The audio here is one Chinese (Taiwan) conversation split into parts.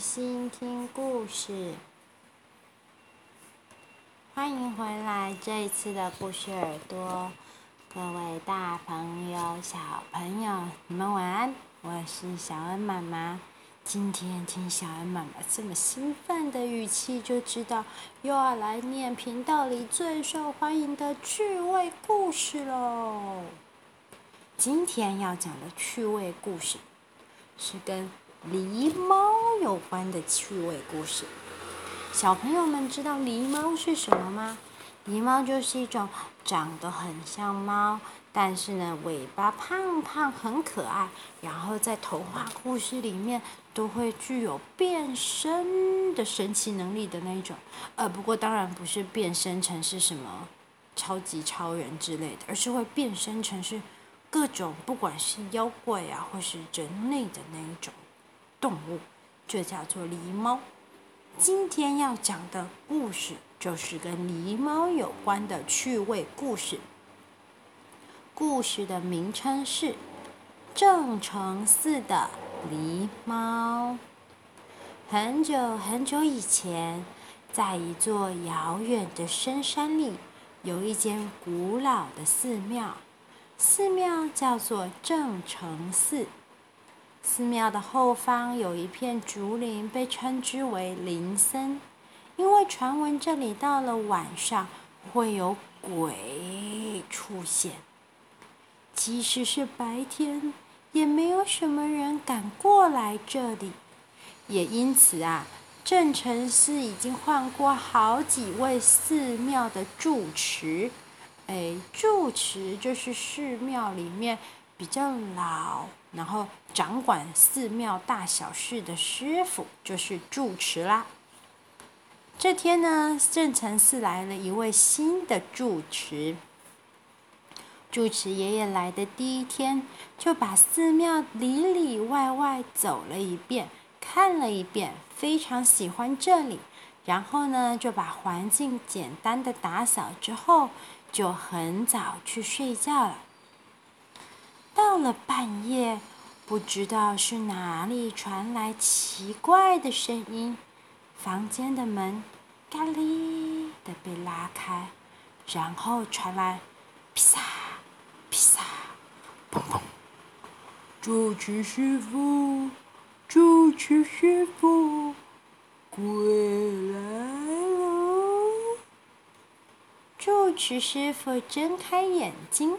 新聽故事，歡迎回來！這一次的故事耳朵，各位大朋友、小朋友，你們晚安。我是小恩媽媽，今天聽小恩媽媽這麼興奮的語氣，就知道又要來念頻道裡最受歡迎的趣味故事嘍。今天要講的趣味故事，是跟狸貓有關的趣味故事，小朋友們知道狸貓是什麼嗎？狸貓就是一種長得很像貓，但是呢尾巴，胖胖很可愛，然後在童話故事裡面都會具有變身的神奇能力的那一種。呃，不過當然不是變身成是什麼超級超人之類的，而是會變身成是各種不管是妖怪啊或是人類的那一種，動物，這叫做狸貓。今天要講的故事就是跟狸貓有關的趣味故事。故事的名稱是《証城寺的狸貓》。很久很久以前，在一座遙遠的深山裡，有一間古老的寺廟，寺廟叫做証城寺。寺廟的後方有一片竹林，被稱之為“林森”，因為傳聞這裡到了晚上會有鬼出現。即使是白天，也沒有什麼人敢過來這裡。也因此啊，証城寺已經換過好幾位寺廟的住持。誒，住持就是寺廟裡面比較老，然後掌管寺廟大小事的師傅就是住持啦。這天呢，証城寺來了一位新的住持。住持爺爺來的第一天，就把寺廟裡裡外外走了一遍，看了一遍，非常喜歡這裡。然後呢，就把環境簡單的打掃之後，就很早去睡覺了。到了半夜，不知道是哪裡傳來奇怪的聲音，房間的門“嘎哩”的被拉開，然後傳來“劈薩劈薩，砰砰”，住持師傅，住持師傅，鬼來了。住持師傅睜開眼睛。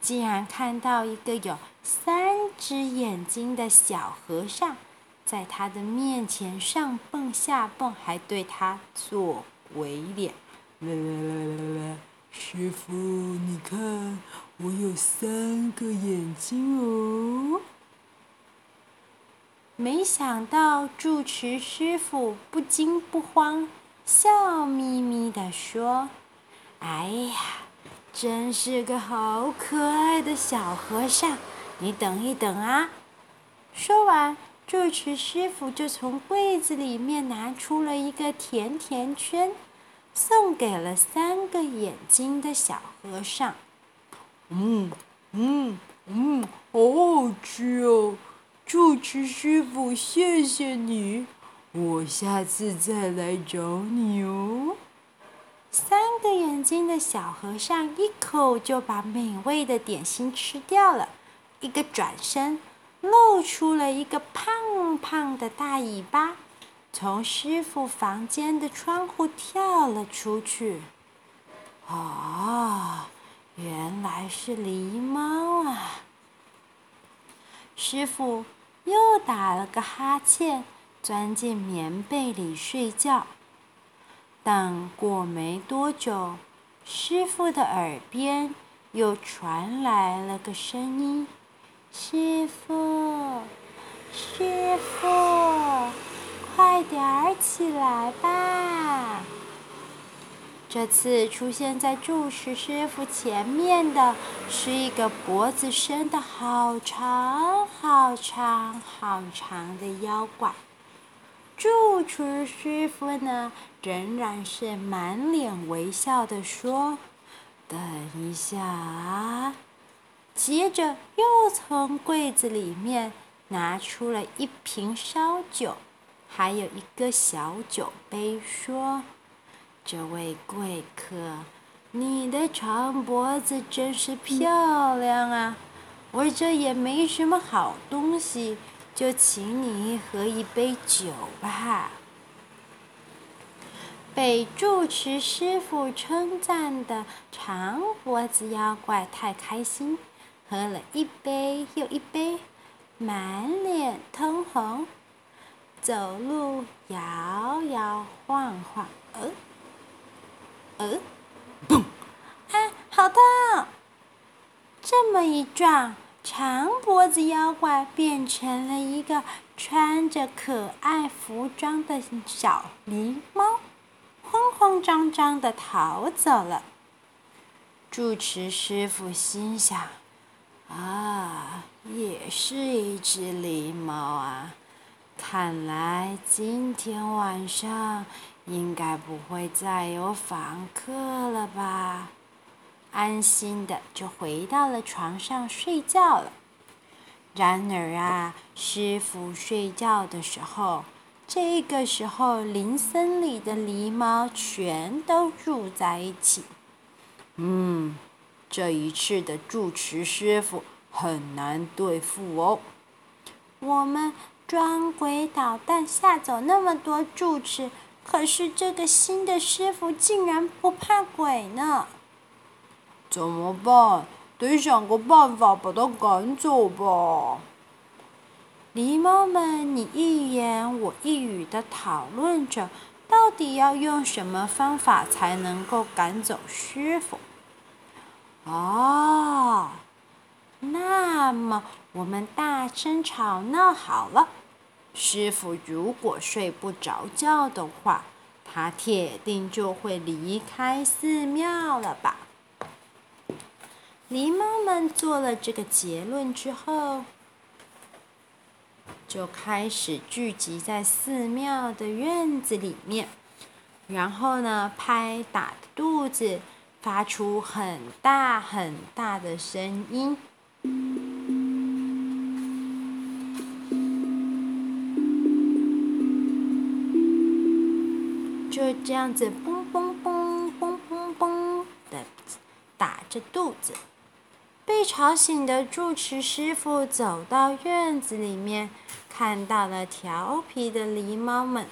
竟然看到一個有三隻眼睛的小和尚，在他的面前上蹦下蹦，還對他做鬼臉。來來來來來，師傅，你看，我有三個眼睛哦。沒想到住持師傅不驚不慌，笑眯眯地說：“哎呀。”真是個好可愛的小和尚，你等一等啊！說完，住持師傅就從櫃子裡面拿出了一個甜甜圈，送給了三個眼睛的小和尚。嗯嗯嗯，好好吃哦！住持師傅，謝謝你，我下次再來找你哦。三個眼睛的小和尚一口就把美味的點心吃掉了，一個轉身，露出了一個胖胖的大尾巴，從師傅房間的窗戶跳了出去。哦，原來是狸貓啊！師傅又打了個哈欠，鑽進棉被裡睡覺。但過沒多久，師傅的耳邊又傳來了個聲音：“師傅，師傅，快點起來吧！”這次出現在住持師傅前面的是一個脖子伸得好長、好長、好長的妖怪。住持師傅呢，仍然是滿臉微笑地說：“等一下啊！”接着又從櫃子裡面拿出了一瓶燒酒，還有一個小酒杯，說：“這位貴客，你的長脖子真是漂亮啊！嗯、我這也沒什麼好東西。”就請你喝一杯酒吧！被住持師傅稱讚的長脖子妖怪太開心，喝了一杯又一杯，滿臉通紅，走路搖搖晃晃。呃，呃，砰！哎，好痛！哦！這麼一撞。長脖子妖怪變成了一個穿着可愛服裝的小狸貓，慌慌張張的逃走了。住持師傅心想：“啊，也是一隻狸貓啊，看來今天晚上應該不會再有訪客了吧。”安心的就回到了床上睡覺了。然而啊，師傅睡覺的時候，這個時候林森裡的狸貓全都住在一起。嗯，這一次的住持師傅很難對付哦。我們裝鬼搗蛋嚇走那麼多住持，可是這個新的師傅竟然不怕鬼呢。怎麼辦？得想個辦法把他趕走吧。狸貓們，你一言我一語地討論着，到底要用什麼方法才能夠趕走師傅？啊、哦，那麼我們大聲吵鬧好了。師傅如果睡不着覺的話，他鐵定就會離開寺廟了吧？狸貓們做了這個結論之後，就開始聚集在寺廟的院子裡面，然後呢，拍打肚子，發出很大很大的聲音，就這樣子，嘣嘣嘣，嘣嘣嘣的打着肚子。被吵醒的住持師傅走到院子裡面，看到了調皮的狸貓們，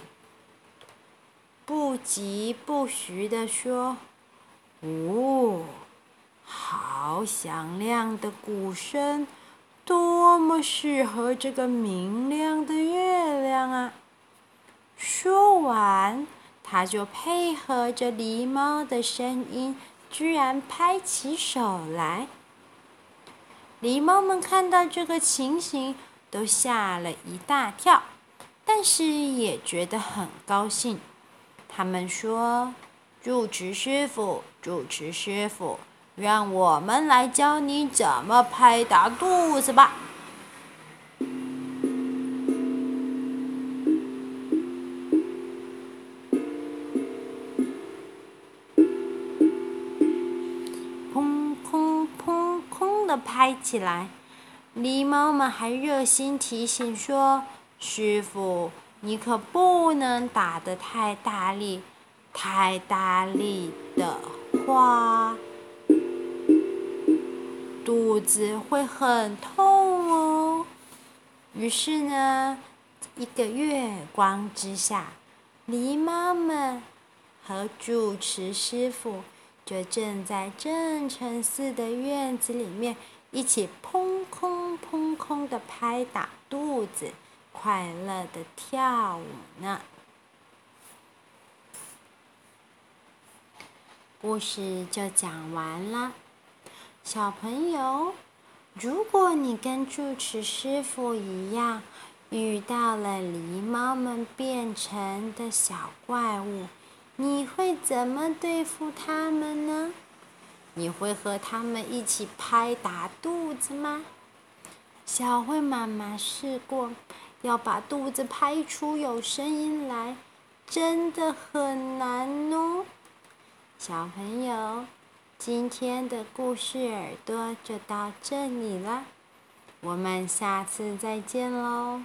不疾不徐地說：“嗚、哦，好響亮的鼓聲，多麼適合這個明亮的月亮啊！”說完，他就配合着狸貓的聲音，居然拍起手來。狸貓們看到這個情形，都嚇了一大跳，但是也覺得很高興。他們說：“住持師傅，住持師傅，讓我們來教你怎麼拍打肚子吧。”開起來，狸貓們還熱心提醒說：“師傅，你可不能打得太大力，太大力的話，肚子會很痛哦。”於是呢，一個月光之下，狸貓們和主持師傅就正在正誠寺的院子裡面。一起砰空砰空的拍打肚子，快樂的跳舞呢！故事就講完了。小朋友，如果你跟住持師傅一樣遇到了狸貓們變成的小怪物，你會怎麼對付它們呢？你會和他們一起拍打肚子嗎？小慧媽媽試過，要把肚子拍出有聲音來，真的很難哦。小朋友，今天的故事耳朵就到這裡了，我們下次再見嘍。